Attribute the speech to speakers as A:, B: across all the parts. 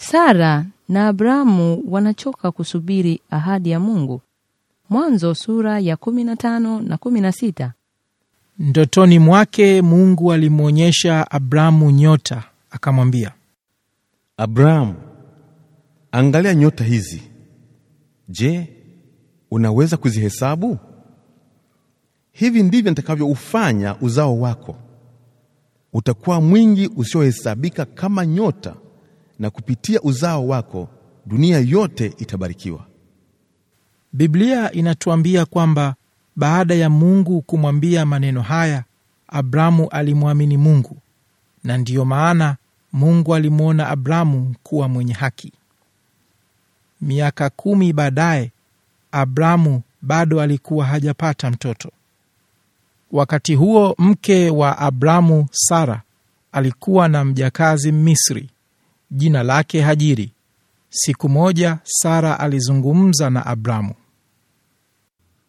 A: Sara na Abrahamu wanachoka kusubiri ahadi ya Mungu. Mwanzo sura ya 15 na 16.
B: Ndotoni mwake Mungu alimwonyesha Abrahamu nyota, akamwambia, Abrahamu, angalia nyota hizi. Je,
C: unaweza kuzihesabu? Hivi ndivyo nitakavyoufanya uzao wako, utakuwa mwingi usiohesabika kama nyota
B: na kupitia uzao wako dunia yote itabarikiwa. Biblia inatuambia kwamba baada ya Mungu kumwambia maneno haya, Abramu alimwamini Mungu, na ndiyo maana Mungu alimwona Abramu kuwa mwenye haki. Miaka kumi baadaye, Abramu bado alikuwa hajapata mtoto. Wakati huo mke wa Abramu, Sara, alikuwa na mjakazi Mmisri jina lake Hajiri. Siku moja Sara alizungumza na Abramu,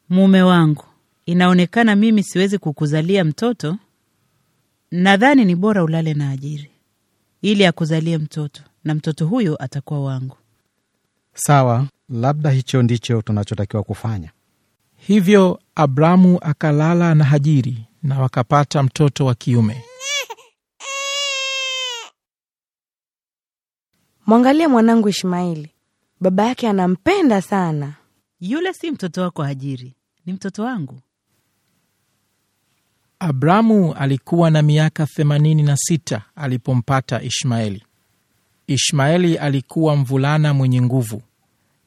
A: mume wangu, inaonekana mimi siwezi kukuzalia mtoto. Nadhani ni bora ulale na Hajiri ili akuzalie mtoto,
B: na mtoto huyo atakuwa wangu. Sawa, labda hicho ndicho tunachotakiwa kufanya. Hivyo Abramu akalala na Hajiri na wakapata mtoto wa kiume.
A: Mwangalie mwanangu Ishmaeli, baba yake anampenda sana. Yule si mtoto wako Hajiri, ni mtoto wangu.
B: Abrahamu alikuwa na miaka 86 alipompata Ishmaeli. Ishmaeli alikuwa mvulana mwenye nguvu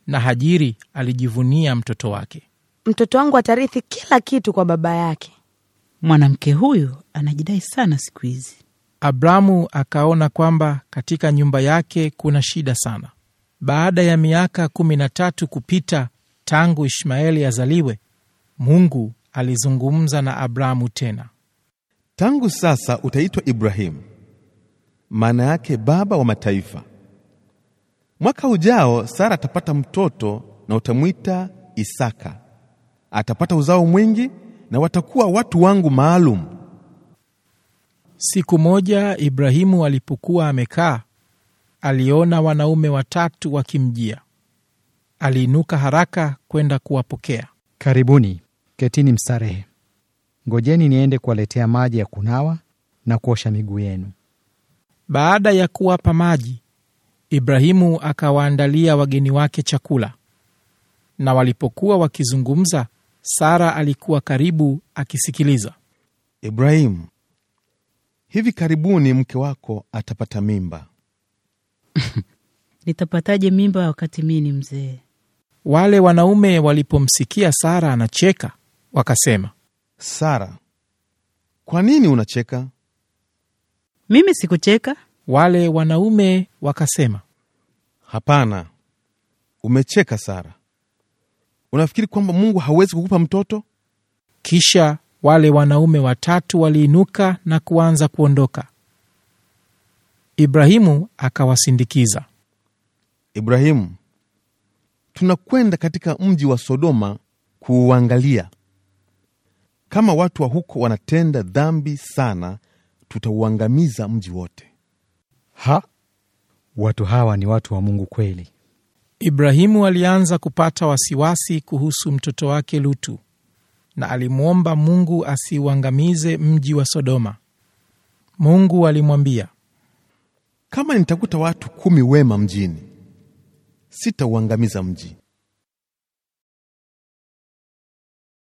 B: na Hajiri alijivunia mtoto wake.
A: Mtoto wangu atarithi kila kitu kwa baba yake.
B: Mwanamke huyu anajidai sana siku hizi abrahamu akaona kwamba katika nyumba yake kuna shida sana. Baada ya miaka kumi na tatu kupita tangu Ishmaeli azaliwe, Mungu alizungumza na abrahamu tena,
C: tangu sasa utaitwa Ibrahimu, maana yake baba wa mataifa. Mwaka ujao Sara atapata mtoto na utamwita Isaka. Atapata uzao mwingi na watakuwa watu wangu maalum
B: Siku moja Ibrahimu alipokuwa amekaa, aliona wanaume watatu wakimjia. Aliinuka haraka kwenda kuwapokea. Karibuni, ketini mstarehe. Ngojeni niende kuwaletea maji ya kunawa na kuosha miguu yenu. Baada ya kuwapa maji, Ibrahimu akawaandalia wageni wake chakula. Na walipokuwa wakizungumza, Sara alikuwa karibu akisikiliza. Ibrahimu hivi karibuni mke wako atapata mimba.
A: Nitapataje mimba wakati mimi ni mzee?
B: Wale wanaume walipomsikia Sara anacheka wakasema, Sara, kwa nini unacheka? Mimi sikucheka. Wale wanaume wakasema, hapana, umecheka Sara. Unafikiri kwamba Mungu hawezi kukupa mtoto? Kisha wale wanaume watatu waliinuka na kuanza kuondoka. Ibrahimu akawasindikiza. Ibrahimu, tunakwenda katika mji wa
C: Sodoma kuuangalia. Kama watu wa huko wanatenda
B: dhambi sana, tutauangamiza mji wote. Ha, watu hawa ni watu wa Mungu kweli. Ibrahimu alianza kupata wasiwasi kuhusu mtoto wake Lutu na alimwomba Mungu asiuangamize mji wa Sodoma. Mungu alimwambia, kama nitakuta watu
C: kumi wema mjini, sitauangamiza mji.